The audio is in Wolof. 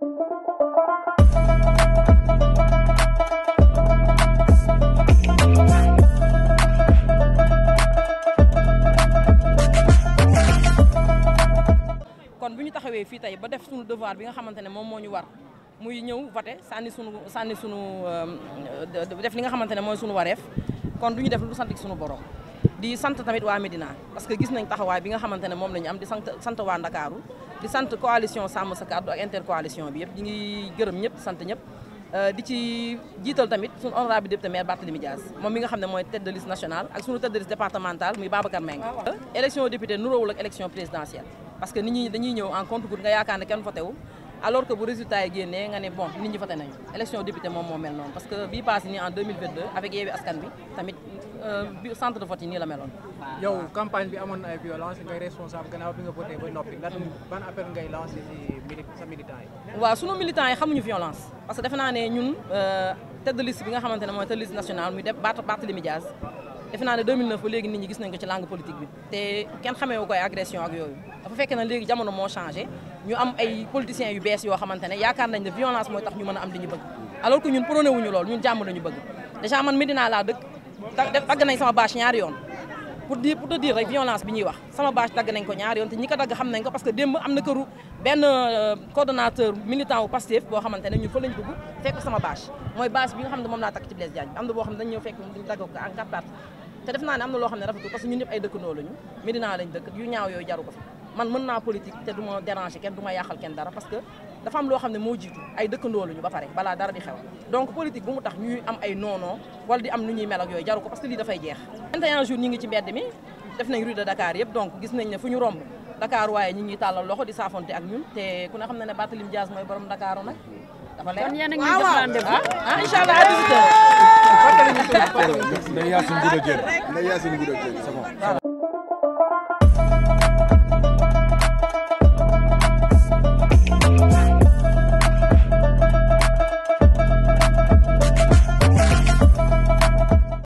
kon bu ñu taxawee fii tey ba def suñu devoir bi nga xamante ne moom moo ñu war muy ñëw voté sànni sunu sànni sunu euh, def li nga xamante ne mooy sunu wareef kon du ñu def lu sant suñu borom. di sant tamit waa Médina parce que gis nañ taxawaay bi nga xamante moom la am di sant sant waa Ndakaaru di sant coalition Sàmm Sa Kàddu ak intercoalition bi yëpp ñu ngi gërëm ñëpp sant ñëpp euh, di ci jiital tamit suñu honorable député maire Barthélémy Dias moom mi nga xam ne mooy tête de liste ak suñu tête de liste départementale muy Babacar Mbengue ah, élection député nuróowul ak élection présidentielle parce que nit ñi dañuy ñëw en compte goutte Euh, centre de vote yi nii la meloon. yow campagne bi amoon na ay violence ngay responsable gannaaw bi nga voté ba noppi. lan naa euh, bi nga xamante mooy tête de liste nationale muy def Barthélémy Dias defe naa ne 2009 ba léegi nit ñi gis nañ ko ci langue politique bi te kenn xameewu koy agression ak yooyu dafa fekk na léegi jamono moo changé ñu am ay politiciens yu bees yoo xamante ne yaakaar nañ ne violence mooy tax ñu mën am li ñu bëgg alors que ñun def dagg nañ sama bâche ñaari yoon pour dire pour te violence bi ñuy wax sama bâche dagg ko ñaari yoon te ñi ko dagg xam nañ ko parce que démb am na këru benn euh, coordonnateur militant wu Pastef boo xamante ne ñun fa lañ dugg fekk sama bâche mooy bâche bi nga xam ne moom laa takk am na boo xam ne dañ ñëw fekk moom dañu dagg ko en quatre parties te def loo xam ne rafetul parce que yu ñaaw yooyu jaru man mën naa politique te du déranger kenn du ma kenn dara dafa am loo xam ne moo jiitu ay dëkkandoo lañu ba pare balaa dara di xew donc politique bu mu tax ñuy am ay noonoo wala di am nu ñuy mel ak yooyu jaru ko parce que lii dafay jeex 21 jours ñi ngi ci mbedd mi def nañ rue de Dakar yëpp donc gis nañ ne fu ñu romb Dakar waaye ñi ngi tàllal loxo di saafonte ak ñun te ku ne xam na ne Barthélémy Dias mooy borom Dakar nag dafa leer kon yéen a ngi jox rendez-vous ah incha